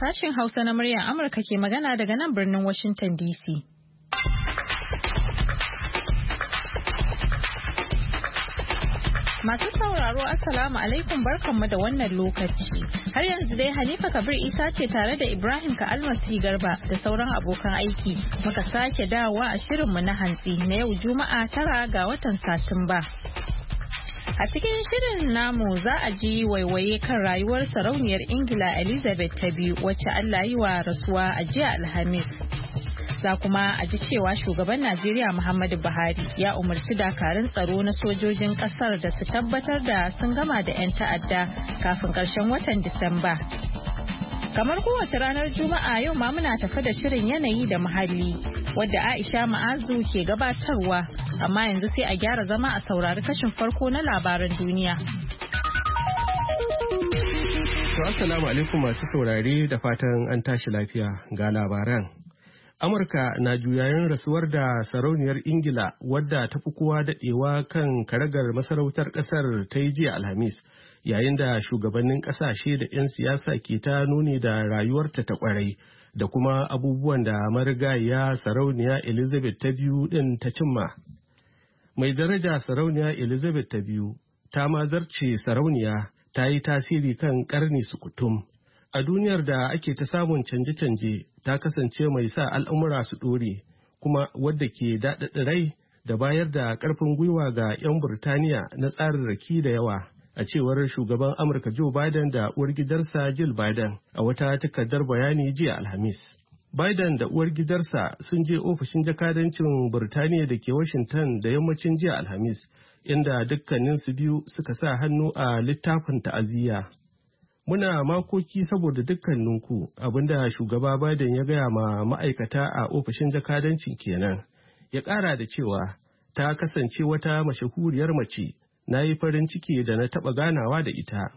sashen Hausa na muryar Amurka ke magana daga nan birnin Washington DC. Masu sauraro Assalamu alaikum barkanmu da wannan lokaci. Har yanzu dai Hanifa Kabir Isa ce tare da Ibrahim ka Almasi Garba da sauran abokan aiki. Muka sake dawowa a shirinmu na hantsi na yau Juma'a tara ga watan Satumba. A cikin shirin namu za a ji waiwaye kan rayuwar sarauniyar Ingila Elizabeth ta biyu wacce Allah yi wa rasuwa a jiya Alhamis. Za kuma a ji cewa shugaban Najeriya Muhammadu Buhari ya umarci dakarun tsaro na sojojin kasar da su tabbatar da sun gama da 'yan ta'adda kafin karshen watan Disamba. Kamar kowace ranar Juma'a yau ma muna tafi da shirin yanayi da muhalli wadda Aisha Ma'azu ke gabatarwa amma yanzu sai a gyara zama a saurari kashin farko na labaran duniya. To assalamu alaikum masu saurare da fatan an tashi lafiya ga labaran. Amurka na juyayin rasuwar da sarauniyar Ingila wadda ta fi kowa daɗewa kan karagar masarautar ƙasar ta yi jiya Alhamis yayin da shugabannin ƙasashe da 'yan siyasa ke ta nuni da rayuwarta ta ƙwarai da kuma abubuwan da marigaya sarauniya Elizabeth ta biyu ɗin ta cimma. mai daraja sarauniya elizabeth ta biyu ta mazarce sarauniya ta yi tasiri kan karni sukutum a duniyar da ake ta samun canje-canje ta kasance mai sa al'amura su ɗore kuma wadda ke daɗaɗa rai da bayar da ƙarfin gwiwa ga 'yan burtaniya na tsarin raki da yawa a cewar shugaban amurka joe biden da uwar gidarsa jill biden a wata takardar bayani jiya alhamis Biden da uwar gidarsa sun je ofishin jakadancin Birtaniya da ke Washington da yammacin jiya Alhamis, inda dukkaninsu biyu suka sa hannu a littafin ta'aziyya. Muna makoki saboda dukkaninku abinda shugaba Biden ya gaya ma ma'aikata a ofishin jakadancin kenan. Ya ƙara da cewa ta kasance wata mashahuriyar mace, na yi farin ciki da na taɓa ganawa da ita.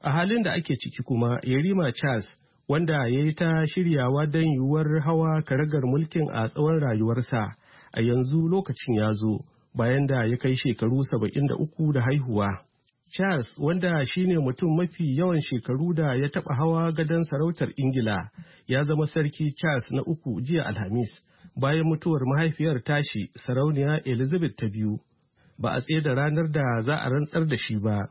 A halin da ake ciki kuma, Yerima Charles wanda ya yi ta shiryawa don yiwuwar hawa karagar mulkin a tsawon rayuwarsa a yanzu lokacin ya zo bayan da ya kai shekaru saba'in da uku da haihuwa. Charles wanda shine mutum mafi yawan shekaru da ya taɓa hawa gadon sarautar Ingila ya zama sarki Charles na uku jiya Alhamis bayan mutuwar mahaifiyar tashi sarauniya Elizabeth ta biyu. Ba a tsaye da ranar da za a rantsar da shi ba.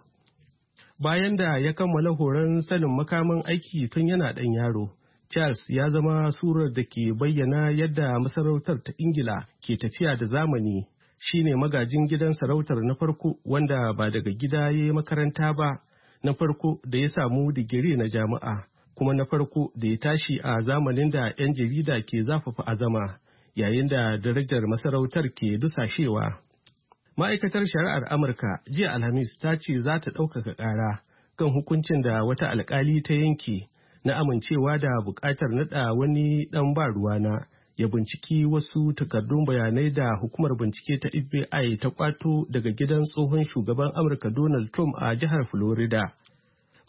bayan da ya kammala horon sanin makaman aiki tun yana ɗan yaro charles ya zama surar da ke bayyana yadda masarautar ta ingila ke tafiya da zamani Shi ne magajin gidan sarautar na farko wanda ba daga gida ya yi makaranta ba na farko da ya samu digiri na jami'a kuma na farko da ya tashi a zamanin da 'yan jarida ke zafafa azama yayin da darajar masarautar ke dusashewa ma'aikatar shari'ar amurka jiya alhamis ta ce za ta ɗaukaka ƙara kan hukuncin da wata alkali ta yanke na amincewa da buƙatar naɗa wani ɗan ba ruwana ya binciki wasu takardun bayanai da hukumar bincike ta fbi ta kwato daga gidan tsohon shugaban amurka donald trump a jihar florida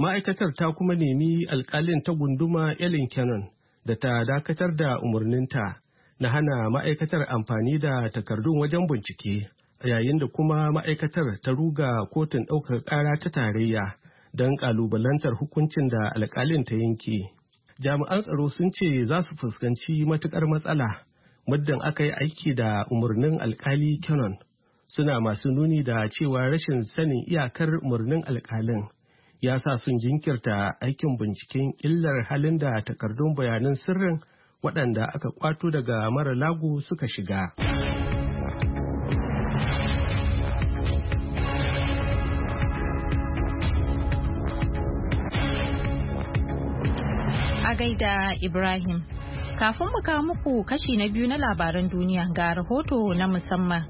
ma'aikatar ta kuma nemi alkalin ta gunduma ellen cannon da ta dakatar da umarninta na hana ma'aikatar amfani da takardun wajen bincike yayin da kuma ma'aikatar ta ruga kotun ɗaukar ƙara ta tarayya don ƙalubalantar hukuncin da alƙalin ta yanke. Jami'an tsaro sun ce za su fuskanci matuƙar matsala muddin aka yi aiki da umarnin alƙali Canon suna masu nuni da cewa rashin sanin iyakar umarnin alƙalin ya sa sun jinkirta aikin binciken illar halin da takardun bayanan sirrin waɗanda aka kwato daga mara lagu suka shiga. gaida Ibrahim. Kafin mu kawo muku kashi na biyu na labaran duniya ga rahoto na musamman.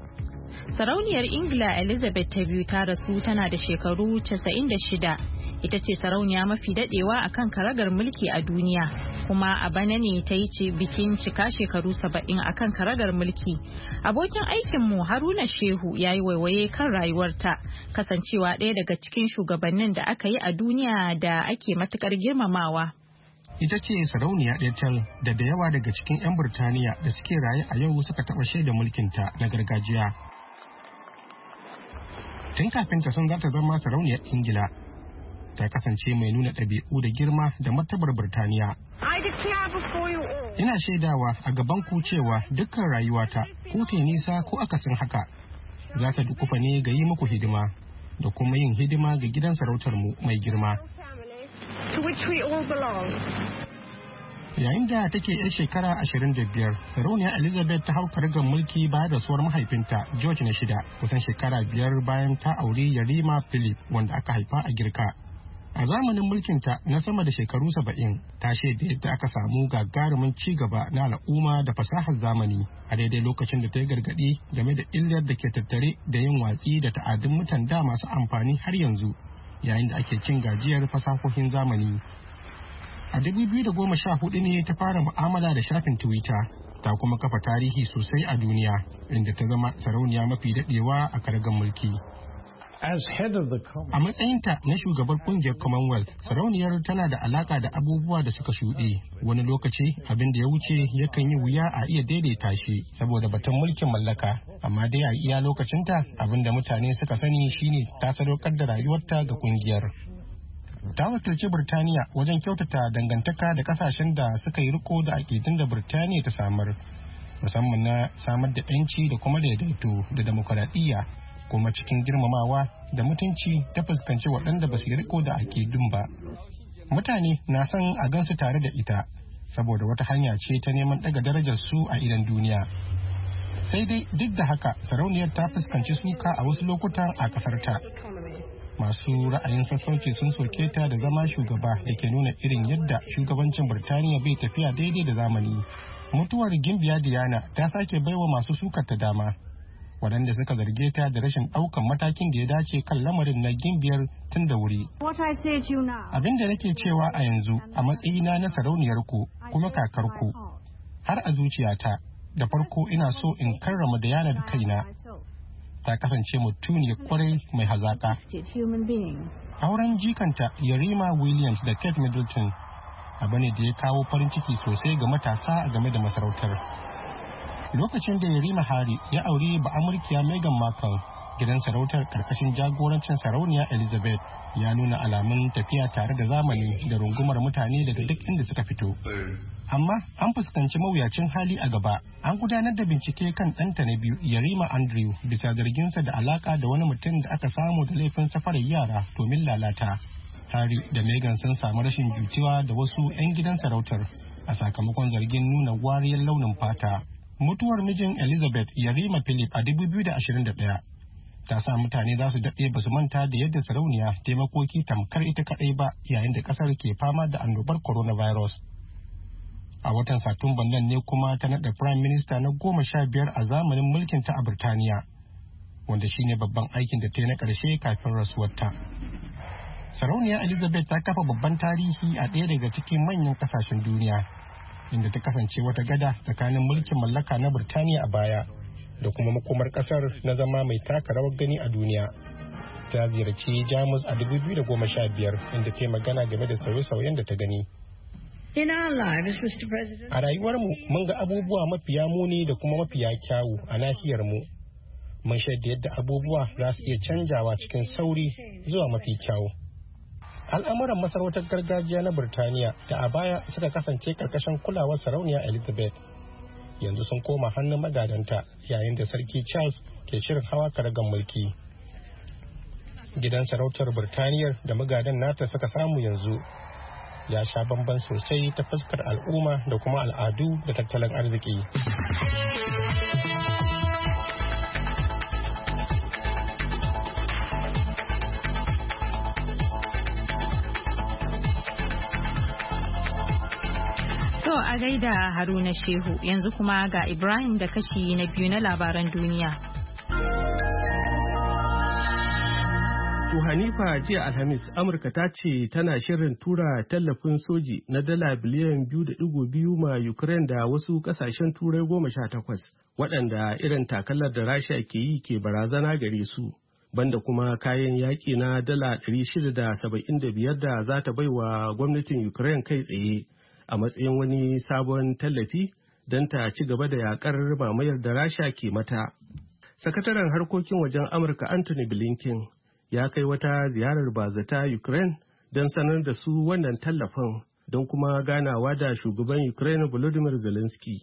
Sarauniyar Ingila Elizabeth ta biyu ta rasu tana da shekaru 96. Ita ce sarauniya mafi dadewa a kan karagar mulki a duniya. Kuma a bana ne ta yi bikin cika shekaru saba'in a kan karagar mulki. Abokin aikinmu Haruna Shehu ya yi waiwaye kan rayuwarta, kasancewa ɗaya daga cikin shugabannin da aka yi a duniya da ake matukar girmamawa. ita ce sarauniya Ethel da da yawa daga cikin 'yan Burtaniya da suke raye a yau suka taɓa shaida mulkinta na gargajiya. Tun kafin ta san za ta zama sarauniyar Ingila, ta kasance mai nuna ɗabi'u da girma da martabar Burtaniya. Ina shaidawa a gaban ku cewa dukkan rayuwata ko ta nisa ko akasin haka za ta dukufa ne ga yi muku hidima da kuma yin hidima ga gidan sarautar mu mai girma. to which we all belong. Yayin da take yar shekara 25, sarauniya Elizabeth ta hau kargar mulki da rasuwar mahaifinta George na shida kusan shekara biyar bayan ta auri Yarima Philip wanda aka haifa a Girka. A zamanin mulkinta na sama da shekaru saba'in ta shaida yadda aka samu gagarumin ci gaba na al'umma da fasahar zamani a daidai lokacin da ta yi gargaɗi game da illar da ke tattare da yin watsi da ta'adun mutan da masu amfani har yanzu yayin da ake cin gajiyar fasahohin zamani a biyu da goma sha hudu ne ta fara mu'amala da shafin twitter ta kuma kafa tarihi sosai a duniya inda ta zama sarauniya mafi daɗewa a kargan mulki. A matsayinta na shugabar kungiyar Commonwealth, sarauniyar tana da alaka da abubuwa da suka shuɗe. Wani lokaci abin da ya wuce yakan yi wuya a iya daidaita shi saboda batun mulkin mallaka. Amma dai a iya lokacinta abin da mutane suka sani shine ta sadaukar da rayuwarta ga kungiyar. ta wakilci Birtaniya wajen kyautata dangantaka da kasashen da suka yi riko da akidun da Birtaniya ta samar musamman na samar da 'yanci da kuma daidaito da demokuraɗiyya. kuma cikin girmamawa da mutunci ta fuskanci waɗanda ba su yi riko da dun ba mutane na son a gansu tare da ita saboda wata hanya ce ta neman ɗaga darajar su a idan duniya sai dai duk da haka sarauniyar ta fuskanci suka a wasu lokutan a ƙasar ta masu ra'ayin sassauci sun soke ta da zama shugaba da ke nuna irin yadda shugabancin birtaniya bai tafiya daidai da zamani mutuwar gimbiya diana ta sake baiwa masu sukar ta dama waɗanda suka zarge ta da rashin ɗaukan matakin da ya dace kan lamarin na gimbiyar tun da wuri. Abin da nake cewa a yanzu a matsayina na sarauniyar ku kuma kakar ku har a zuciyata da farko ina so in karrama yanar yanar kaina. Ta kasance mutuniyar kwarai mai hazaƙa. Auren jikanta Yarima Williams da Kate Middleton abu ne da ya kawo farin ciki sosai ga matasa game da masarautar. lokacin da Yarima Hari ya auri ba'amurkiya Meghan Markle gidan sarautar karkashin jagorancin sarauniya Elizabeth ya nuna alamun tafiya tare da zamani da rungumar mutane daga duk inda suka fito. Amma an fuskanci mawuyacin hali a gaba. An gudanar da bincike kan ɗanta na biyu Yarima Andrew bisa zarginsa da alaka da wani mutum da aka samu da laifin safarar yara domin lalata. Hari da Megan sun samu rashin jutuwa da wasu 'yan gidan sarautar a sakamakon zargin nuna wariyar launin fata. mutuwar mijin elizabeth yarima philip a 2021 ta sa mutane za su daɗe ba su manta da yadda sarauniya taimakoki tamkar ita kaɗai ba yayin da ƙasar ke fama da annobar coronavirus a watan satumban nan ne kuma ta naɗa prime minister na goma sha biyar a zamanin mulkin ta a birtaniya wanda shine babban aikin da ta yi na ƙarshe kafin rasuwarta sarauniya elizabeth ta kafa babban tarihi a ɗaya daga cikin manyan ƙasashen duniya inda ta kasance wata gada tsakanin mulkin mallaka na Birtaniya a baya da kuma makomar kasar na zama mai taka rawar gani a duniya. Ta ziyarci Jamus a 2015 inda ta magana game da sauye-sauyen da ta gani. A rayuwarmu mun ga abubuwa mafiya muni da kuma mafiya kyawu a nahiyar mu Mun shaida yadda abubuwa za su iya canjawa cikin sauri zuwa mafi kyawu. al'amuran masarautar gargajiya na birtaniya da a baya suka kasance karkashin kulawar sarauniya elizabeth yanzu sun koma hannun magadanta yayin da sarki charles ke shirin hawa karagan mulki gidan sarautar birtaniyar da magadan nata suka samu yanzu ya sha bamban sosai ta fuskar al'umma da kuma al'adu da tattalin arziki a gaida Haruna Shehu yanzu kuma ga Ibrahim da kashi na biyu na labaran duniya. ku Hanifa jiya Alhamis Amurka ta ce tana shirin tura tallafin soji na dala biliyan biyu da digo biyu ma Ukraine da wasu kasashen turai goma sha takwas waɗanda irin takalar da Rasha ke yi ke barazana gare su. Banda kuma kayan yaƙi na dala ɗari da saba'in da biyar da za ta baiwa gwamnatin Ukraine kai tsaye a matsayin wani sabon tallafi don ta ci gaba da yakar mamayar da rasha ke mata sakataren harkokin wajen amurka anthony blinken ya kai wata ziyarar bazata ukraine don sanar da su wannan tallafin don kuma ganawa da shugaban ukraine volodymyr zelensky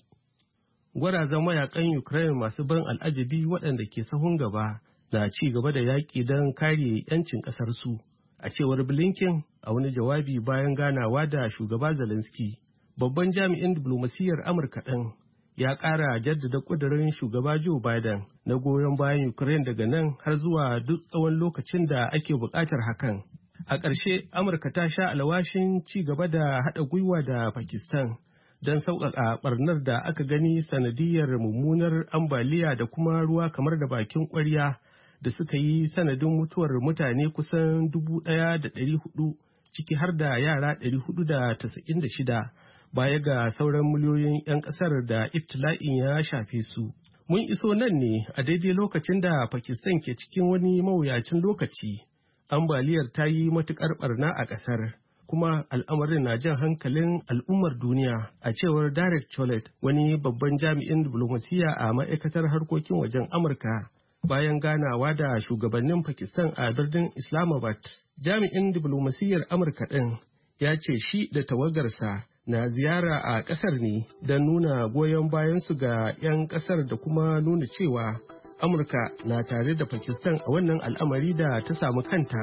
gwarazan mayakan ukraine masu ban al'ajabi waɗanda ke sahun gaba na ci gaba da yaƙi don kare 'yancin ƙasarsu. a cewar blinken a wani jawabi bayan ganawa da shugaba zelensky babban jami'in diplomasiyyar amurka ɗin ya ƙara jaddada ƙudurin shugaba joe biden na goyon bayan ukraine daga nan har zuwa duk tsawon lokacin da ake buƙatar hakan a ƙarshe amurka ta sha alawashin ci gaba da haɗa gwiwa da pakistan don sauƙaƙa ɓarnar da aka gani sanadiyar mummunar ambaliya da kuma ruwa kamar da bakin ƙwarya da suka yi sanadin mutuwar mutane kusan dubu da 1,400 ciki har da yara da da shida. baya ga sauran miliyoyin 'yan kasar da iftila'in ya shafe su. Mun iso nan ne a daidai lokacin da Pakistan ke cikin wani mawuyacin lokaci. Ambaliyar ta yi matuƙar barna a ƙasar, kuma al'amarin na jan hankalin al'ummar duniya a cewar Derek Cholet wani babban jami'in diflomasiyya a ma'aikatar harkokin wajen Amurka bayan ganawa da shugabannin Pakistan a birnin Islamabad. Jami'in diplomasiyyar Amurka ɗin ya ce shi da tawagarsa na ziyara a ƙasar ne don nuna goyon bayansu ga 'yan ƙasar da kuma nuna cewa Amurka na tare da Pakistan a wannan al'amari da ta samu kanta.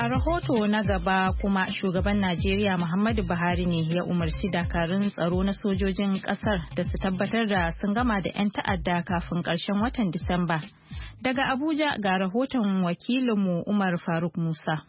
a rahoto na gaba kuma shugaban Najeriya Muhammadu Buhari ne ya umarci dakarun tsaro na sojojin kasar da su tabbatar da sun gama da 'yan ta'adda kafin karshen watan Disamba. Daga Abuja ga rahoton wakilinmu Umar Faruk Musa.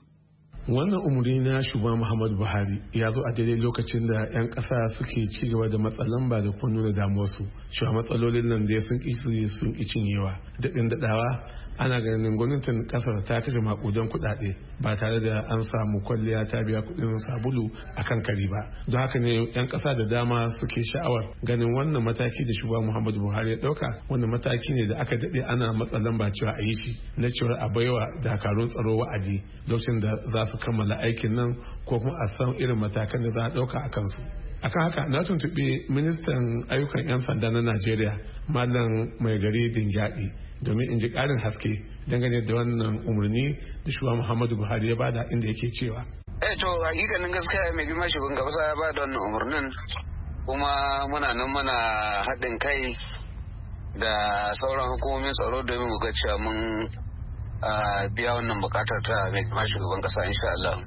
wannan umarni na shugaban muhammadu buhari ya zo a daidai lokacin da 'yan ƙasa suke ci gaba da matsalan ba da da da damuwarsu shuwa matsalolin nan da sun ƙi sun ƙi cinyewa daɗin daɗawa ana ganin gwamnatin kasar ta kashe makudan kuɗaɗe ba tare da an samu kwalliya ta biya kuɗin sabulu a kan kari ba don haka ne 'yan ƙasa da dama suke sha'awar ganin wannan mataki da shugaba muhammadu buhari ya ɗauka wannan mataki ne da aka daɗe ana matsa lamba cewa a yi shi na cewar a baiwa dakarun tsaro wa'adi lokacin da za su kammala aikin nan ko kuma a san irin matakan da za a ɗauka a kansu akan haka na tuntuɓi ministan ayyukan 'yan sanda na najeriya malam mai gari dingyadi domin in ji ƙarin haske dangane da wannan umarni da shugaban muhammadu buhari ya bada inda yake cewa eh to hakikanin gaskiya mai mashi shugaban gabasa ya bada wannan umarnin kuma muna nan mana haɗin kai da sauran hukumomin tsaro domin mu ga cewa mun biya wannan bukatar ta mai mashi shugaban kasa insha Allah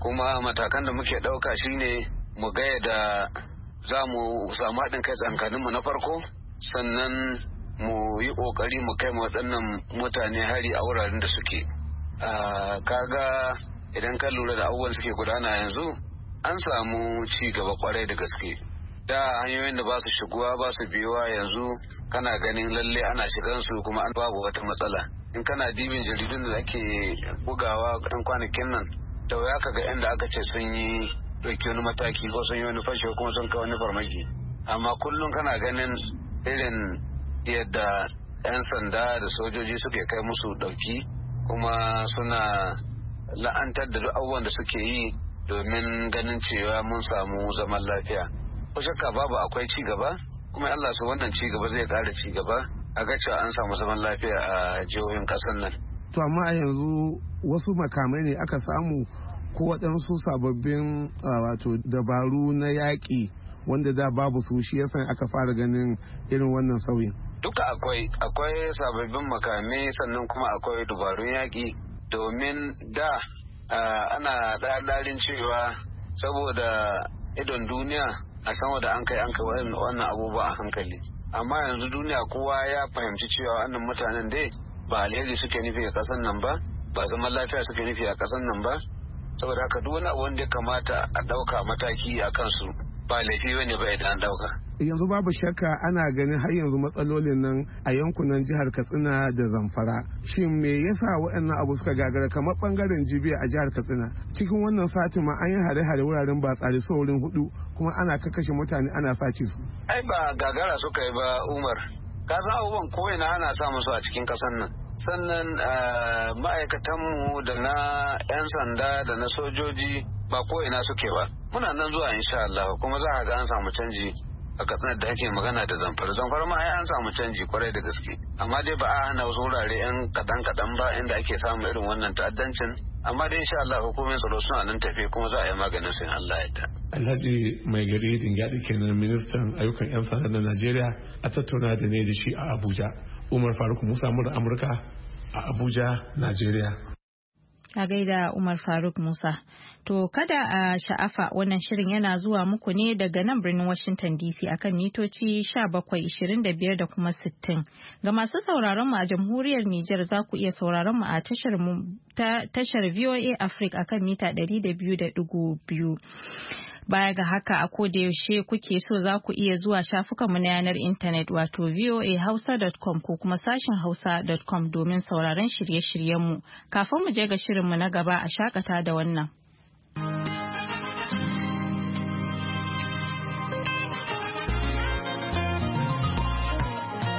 kuma matakan da muke ɗauka shine mu gaya da za mu samu haɗin kai tsakaninmu na farko sannan mu yi kokari mu kai waɗannan mutane hari a wuraren da suke kaga idan ka lura da abubuwan suke gudana yanzu an samu ci gaba kwarai da gaske da hanyoyin da ba su shigowa ba su biyuwa yanzu kana ganin lalle ana shigan su kuma an babu wata matsala in kana dibin jaridun da ake bugawa ɗan kwanakin nan da waya ka ga inda aka ce sun yi ɗauki wani mataki ko sun yi wani fashe kuma sun kawo wani farmaki amma kullum kana ganin irin yadda 'yan sanda da sojoji suke kai musu ɗauki kuma suna la'antar da duk da suke yi domin ganin cewa mun samu zaman lafiya ko shakka babu akwai ci gaba kuma Allah su wannan ci gaba zai ƙara ci gaba a ga cewa an samu zaman lafiya a jihohin ƙasar nan to amma a yanzu wasu makamai ne aka samu ko waɗansu sababbin wato dabaru na yaƙi wanda da babu su shi yasa aka fara ganin irin wannan sauyin duka akwai akwai sababbin makamai sannan kuma akwai dubarun yaƙi domin da ana ɗaɗarin cewa saboda idon duniya a sama da an kai an kai wannan abubuwa a hankali amma yanzu duniya kowa ya fahimci cewa wannan mutanen dai ba alheri suke nufi a ƙasar nan ba ba zaman lafiya suke nufi a ƙasar nan ba saboda haka duk wani abu wanda ya kamata a ɗauka mataki a kansu ba laifi bane ba idan an dauka yanzu babu shakka ana ganin har yanzu matsalolin nan a yankunan jihar katsina da zamfara shin me yasa waɗannan abu suka gagara kamar bangaren jibiya a jihar katsina cikin wannan satin ma an yi hare-hare wuraren ba tsari wurin hudu kuma ana kakashe mutane ana sace su ai ba gagara suka yi ba umar ka san abubuwan ko ina ana samun su a cikin kasan nan sannan eh, ma'aikatanmu da na 'yan sanda da na sojoji ba ko ina suke ba muna nan zuwa insha Allah kuma za a ga an samu canji a katsinar da ake magana da zamfara zamfara ma ai an samu canji kwarai da gaske amma dai ba a hana wasu wurare yan kadan kadan ba inda ake samu irin wannan ta'addancin amma dai insha Allah hukumin tsaro suna nan tafe kuma za a yi maganin sun Allah ya Alhaji mai gari Dingyadi kenan ministan ayyukan yan sanda na Najeriya a tattauna da ne da shi a Abuja umar faruk musa mura amurka a abuja najeriya a gaida Umar Faruk Musa. To kada a sha'afa wannan shirin yana zuwa muku ne daga nan birnin Washington DC akan mitoci 1725 da kuma 60. Ga masu sauraron mu a jamhuriyar Nijar za ku iya sauraron mu a tashar tashar VOA Africa akan mita 200.2. Baya ga haka a koda yaushe kuke so za ku iya zuwa mu na yanar intanet wato voahausa.com ko kuma sashin hausa.com domin sauraron shirye-shiryenmu. Kafin mu je ga shirinmu na gaba a shakata da wannan.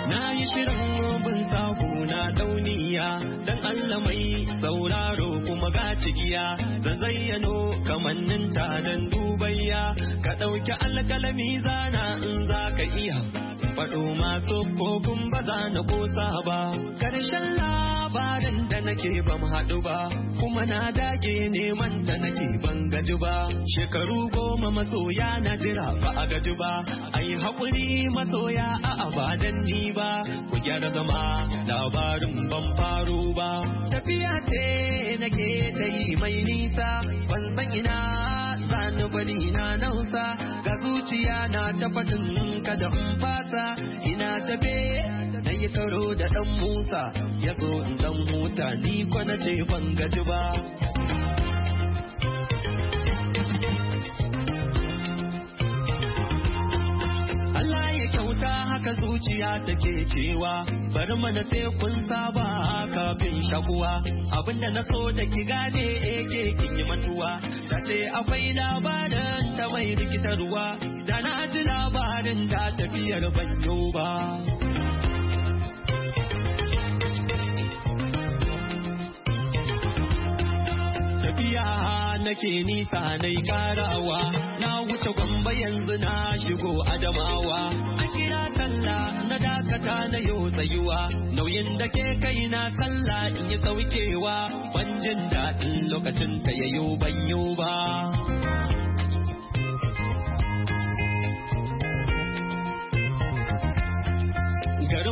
Na yi shirin robin sako na dauniya don Allah mai sauraro baba ga cikiya zan zayyano kamannin ta dan dubayya ka ɗauki alƙalami zana in za ka iya faɗo masu kogun ba za na kosa ba karshen labarin da nake ban haɗu ba kuma na dage neman da nake ban gaji ba shekaru goma masoya na jira ba a gaji ba ai haƙuri masoya a abadan ni ba ku gyara zama labarin ban faru ba tafiya ce nake ta yi mai nisa ban san ina za ni bari na nausa zuciya na ta faɗin kada in fasa ina tafe na yi karo da dan musa ya so in dan huta ni kwana ce ban gaji ba kyauta haka zuciya take cewa bari mana sai kun saba kafin shakuwa abinda na so da ki gane eke eh, kin yi matuwa da ce akwai labarin ta mai rikitarwa da na ji labarin ta tafiyar ban ba. nake nisa nai karawa na wuce gwamba yanzu na shigo adamawa a kira talla na dakata na yau tsayuwa nauyin da ke kai na sallah in yi saukewa ban jin daɗin lokacin ta yayo ban yau ba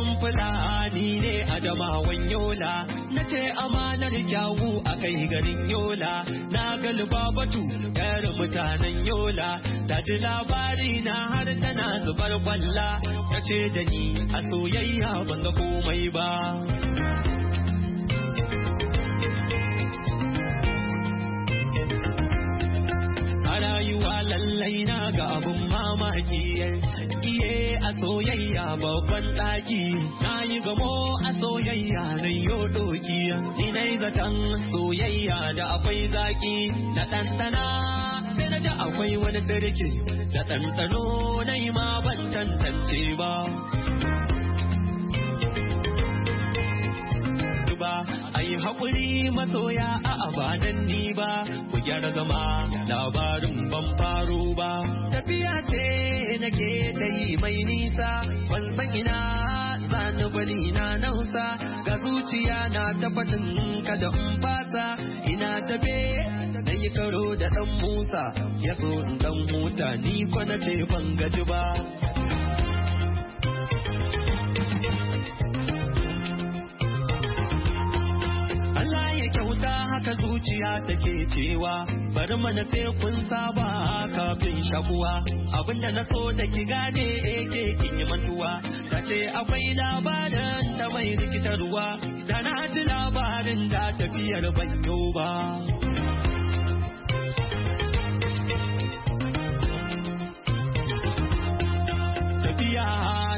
sarkin fulani ne jamawan yola na ce amanar kyawu a kai garin yola na galiba batu yar mutanen yola ta ji labari na har tana zubar kwalla ta ce da ni a soyayya ban ga komai ba rayuwa lallai na ga abun mamaki iye a soyayya babban ɗaki na yi gamo a soyayya na yo doki ni na zaton soyayya da akwai zaki na ɗanɗana sai na ji akwai wani sarki da ɗanɗano na ma ban tantance ba yi hakuri masoya a abadan ni ba ku gyara zama labarin ban faro ba tafiya ce nake ta yi mai nisa ban san ina zanu bari na nausa ga zuciya na ta faɗin kada in fasa ina tafe na yi karo da dan musa ya so in mota huta ni kwana ce ban gaji ba ashe kyauta haka zuciya take cewa bari mana sai kun saba kafin shakuwa abinda na so da ki gane ake eh, kin yi mantuwa ta ce akwai labarin ta mai rikitarwa da na ji labarin da tafiyar ban yau ba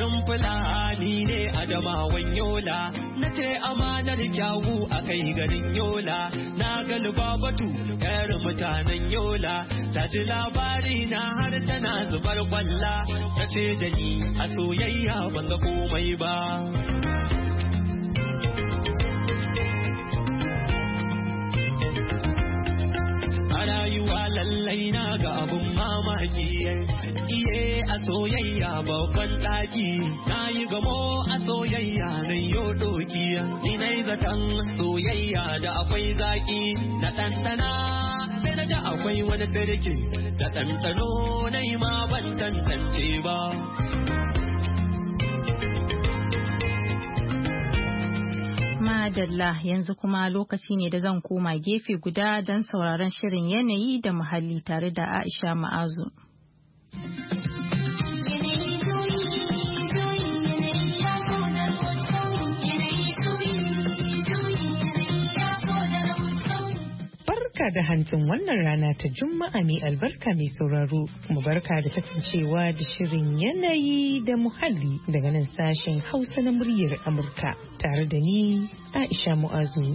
garin fulani ne adamawan yola na ce amanar kyawu a kai garin yola na galiba batu yar mutanen yola ta ji labari na har tana zubar kwalla ta ce da ni a soyayya ban ga komai ba soyayya babban ɗaki na yi gamo a soyayya na yo doki ni nayi zaton soyayya da akwai zaki na ɗanɗana sai na ji akwai wani sarki da ɗanɗano na yi ma ban tantance ba Madalla yanzu kuma lokaci ne da zan koma gefe guda don sauraron shirin yanayi da muhalli tare da Aisha Ma'azu. da hantun wannan rana ta Juma'a mai albarka mai sauraro, mu barka da kasancewa da shirin yanayi da muhalli daga nan sashen Hausa na muryar Amurka tare da ni Aisha Mu'azu.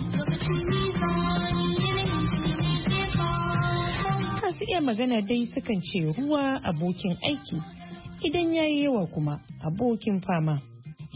masu iya magana dai sukan ce ruwa abokin aiki idan ya yi yawa kuma abokin fama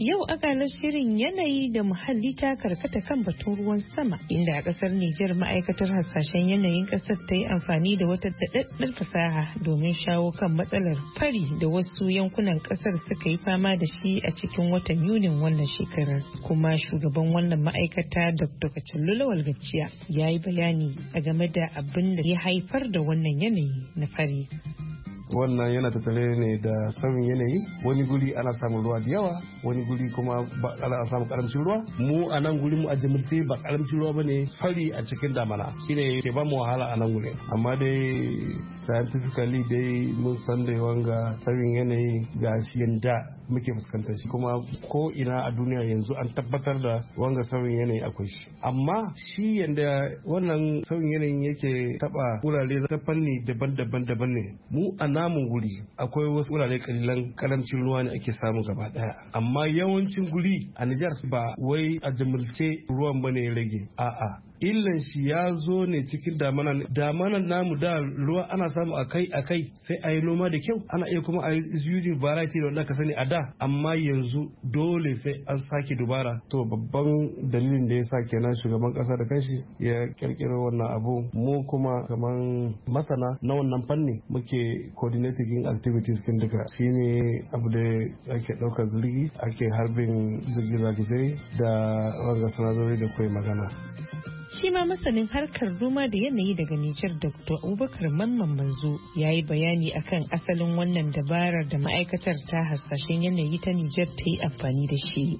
Yau akalar shirin yanayi da muhalli ta karkata kan batun ruwan sama inda a kasar Nijar ma'aikatar hasashen yanayin kasar ta yi amfani da wata daɗaɗɗar fasaha domin shawo kan matsalar fari da wasu yankunan kasar suka yi fama da shi a cikin watan Yunin wannan shekarar. Kuma shugaban wannan ma'aikata Dr. Kacallu Walgaciya Gaciya ya yi bayani a game da abin da ya haifar da wannan yanayi na fari. wannan yana tattare ne da sauyin yanayi wani guri ana samun ruwa da yawa wani guri kuma ana samun karamcin ruwa mu a nan guri mu a jimirce ba karamcin ruwa bane fari a cikin damana shine ke ba mu wahala a nan guri amma dai scientifically dai mun san da wanga sauyin yanayi ga shi da muke fuskantar shi kuma ko ina a duniya yanzu an tabbatar da wanga sauyin yanayi akwai shi amma shi yanda wannan sauyin yanayin yake taba wurare ta fanni daban-daban daban ne mu a namun guri akwai wasu wurare kalilan karancin ruwa ne ake samu gaba daya amma yawancin guri a Nijar ba wai a jimilce ruwan bane rage a'a illan shi ya zo ne cikin damanan damanan namu da ruwa ana samu akai akai sai a yi noma da kyau ana iya kuma a yi variety da wanda ka sani a da amma yanzu dole sai an sake dubara to babban dalilin da ya sa kenan shugaban kasa da kanshi ya kirkiro wannan abu mu kuma kaman masana na wannan fanni muke coordinating activities kin duka shine abu da ake ɗaukar zirgi ake harbin zirgi zagizai da wanga sanadori da kawai magana shi ma masanin harkar noma da yanayi daga Nijar Dr. Abubakar Mamman Manzo ya yi bayani akan asalin wannan dabarar da ma'aikatar ta hasashen yanayi ta Nijar ta yi amfani da shi.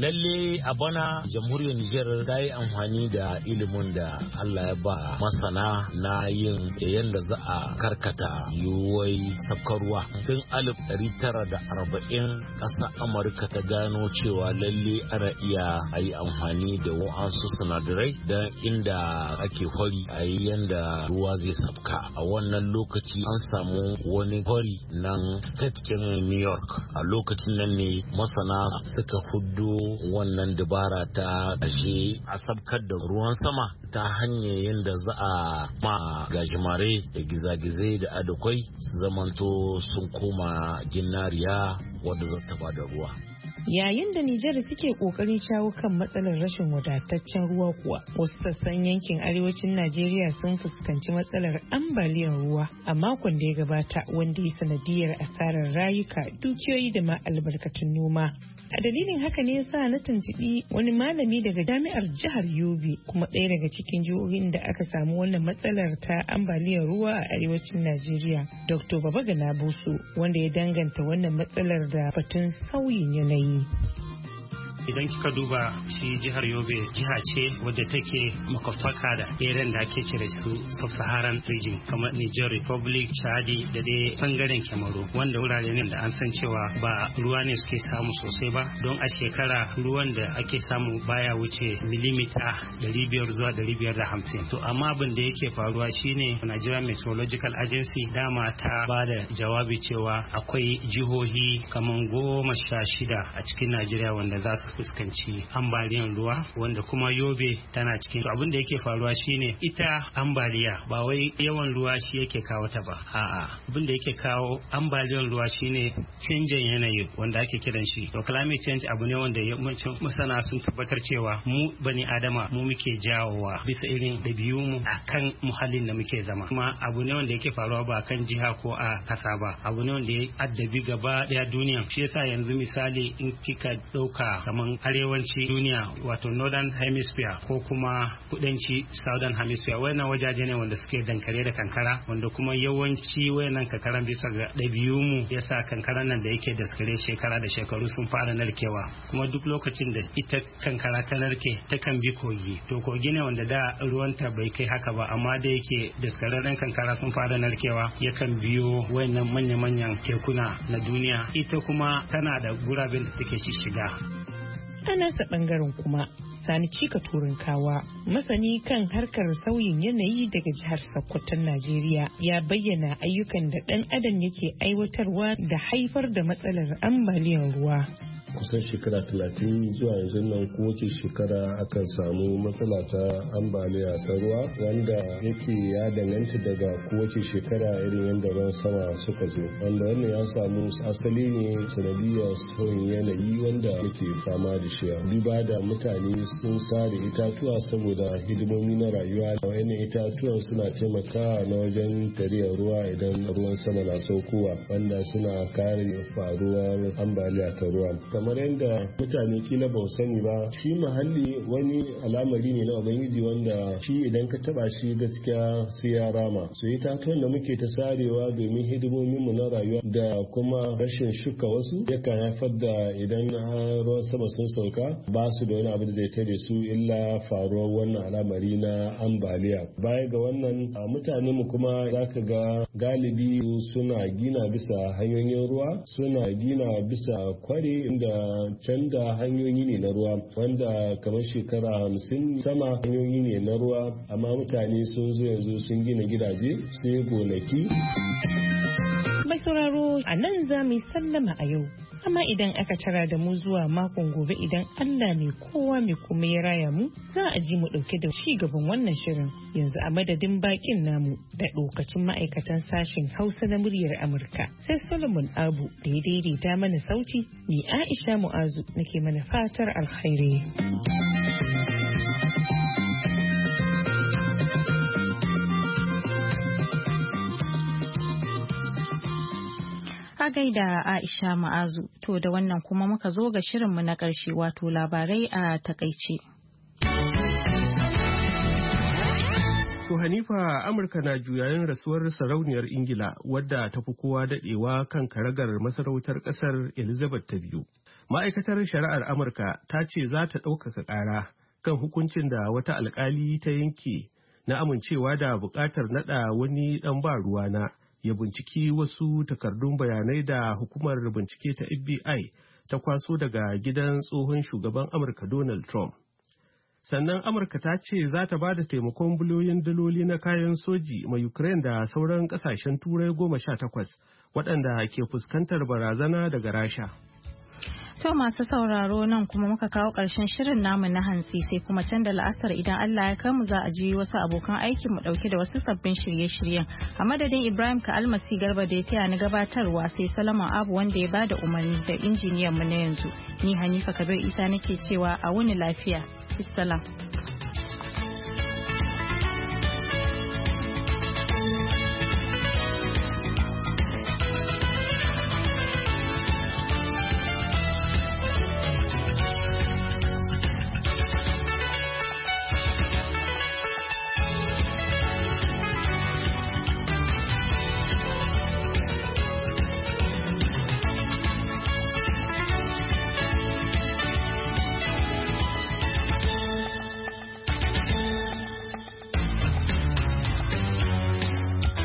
lalle a bana jamhuriyar Nijar ta yi amfani da ilimin da Allah ya ba masana na yin yadda za a karkata yiwuwai sakarwa. tun alif tara da arba'in ƙasa Amurka ta gano cewa lalle ana iya a yi amfani da wa'ansu sinadarai don inda ake hori a yi yadda ruwa zai sabka a wannan lokaci an samu wani hori nan state king New York a lokacin nan ne masana suka hudu wannan dubara ta ashe a sabkar da ruwan sama ta hanyar yadda za a ma gajimare da gizagize da adakwai su zamanto sun koma ginnariya wadda za ta bada ruwa. Yayin da Nijar suke kokarin shawo kan matsalar rashin wadataccen ruwa kuwa, wasu sassan yankin arewacin Najeriya sun fuskanci matsalar ambaliyar ruwa a makon da ya gabata wanda ya sanadiyar asarar rayuka, dukiyoyi da ma albarkatun noma. A dalilin haka ne sa na tuntuɓi wani malami daga jami'ar jihar Yobe kuma ɗaya daga cikin jihohin da aka samu wannan matsalar ta ambaliyar ruwa a arewacin Najeriya, Dr. Babagana Boso, wanda ya danganta wannan matsalar da batun sauyin yanayi. idan kika duba shi jihar yobe jiha ce wadda take makwabtaka da irin da ake kira su sub-saharan region kamar niger republic chadi da dai bangaren kamaru wanda wurare ne da an san cewa ba ruwa ne suke samu sosai ba don a shekara ruwan da ake samu baya wuce milimita 500 zuwa 550 to amma abin da yake faruwa shine Nigerian Meteorological Agency dama ta ba da jawabi cewa akwai jihohi kamar goma sha shida a cikin Najeriya wanda za su fuskanci ambaliyan ruwa wanda kuma yobe tana cikin abin da yake faruwa shine ita ambaliya ba wai yawan ruwa shi yake kawo ta ba a'a abin da yake kawo ambaliyan ruwa shine canjin yanayi wanda ake kiran shi to climate change abu ne wanda masana sun tabbatar cewa mu bani adama mu muke jawowa bisa irin dabi'u mu akan muhallin da muke zama kuma abu ne wanda yake faruwa ba kan jiha ko a kasa ba abu ne wanda ya addabi gaba daya duniya shi yasa yanzu misali in kika dauka kaman arewanci duniya wato northern hemisphere ko kuma kudanci southern hemisphere wannan wajaje ne wanda suke dankare da kankara wanda kuma yawanci wayannan kankaran bisa ga ɗabi'u mu yasa kankaran nan da yake daskare shekara da shekaru sun fara narkewa kuma duk lokacin da ita kankara ta narke takan bi kogi to kogi ne wanda da ruwanta bai kai haka ba amma da yake daskararren kankara sun fara narkewa yakan biyo wayannan manya-manyan tekuna na duniya ita kuma tana da guraben da take shiga. A nasa bangaren kuma, Sani Cika Turinkawa, masani kan harkar sauyin yanayi daga jihar Sokoton Najeriya, ya bayyana ayyukan da ɗan adam yake aiwatarwa da haifar da matsalar ambaliyar ruwa. kusan shekara talatin zuwa yanzu nan kowace shekara akan samu matsala ta ambaliya ta ruwa wanda yake ya danganta daga kowace shekara irin yadda ruwan sama suka zo wanda wannan ya samu asali ne sanadiyar sauyin yanayi wanda yake fama da shi duba da mutane sun sare itatuwa saboda hidimomi na rayuwa da wani itatuwan suna taimakawa na wajen tariyar ruwa idan ruwan sama na saukowa wanda suna kare faruwar ambaliya ta ruwa kamar yadda mutane kila ba sani ba shi muhalli wani alamari ne na ubangiji wanda shi idan ka taba shi gaskiya sai ya rama so ta da muke ta sarewa domin hidimomin mu na rayuwa da kuma rashin shuka wasu yakan haifar da idan ruwan sama sun sauka ba su da wani abu da zai tare su illa faruwar wannan alamari na ambaliya baya ga wannan mutane mu kuma ka ga galibi suna gina bisa hanyoyin ruwa suna gina bisa kware inda da canza hanyoyi ne na ruwa wanda kamar shekara hamsin sama hanyoyi ne na ruwa amma mutane sun zo yanzu sun gina gidaje sai gonaki sauraro a nan za mu yi sallama a yau. Amma idan aka tara da mu zuwa makon gobe idan Allah mai kowa mai kuma ya raya mu za a ji mu ɗauke da ci gaban wannan shirin yanzu a madadin bakin namu da ɗokacin ma'aikatan sashen Hausa na muryar Amurka. Sai Solomon Abu da ya daidaita mana sauti ni Aisha Mu'azu nake mana fatar alkhairi. A gaida Aisha Ma'azu, to da wannan kuma muka zo ga shirinmu na ƙarshe wato labarai a takaice. To Hanifa Amurka na juyayin rasuwar sarauniyar Ingila wadda ta fi kowa daɗewa kan karagar masarautar ƙasar Elizabeth ta biyu. Ma'aikatar shari'ar Amurka ta ce za ta ɗaukaka ƙara kan hukuncin da wata alƙali ta yanke na amincewa da buƙatar naɗa wani ɗan ba ruwana ya binciki wasu takardun bayanai da hukumar bincike ta FBI ta kwaso daga gidan tsohon shugaban Amurka Donald Trump. Sannan Amurka ta ce za ta ba da taimakon biliyoyin daloli na kayan soji mai Ukraine da sauran kasashen turai goma sha takwas waɗanda ke fuskantar barazana daga Rasha. To masu sauraro nan kuma muka kawo ƙarshen shirin namu na hantsi sai kuma can da la'asar idan Allah ya kai mu za a ji wasu abokan aikin mu ɗauke da wasu sabbin shirye-shiryen. A madadin Ibrahim ka almasi garba da ya taya ni gabatarwa sai Salama Abu wanda ya bada umarni da injiniyan mu na yanzu. Ni Hanifa Kabir Isa nake cewa a wuni lafiya. Bisalam.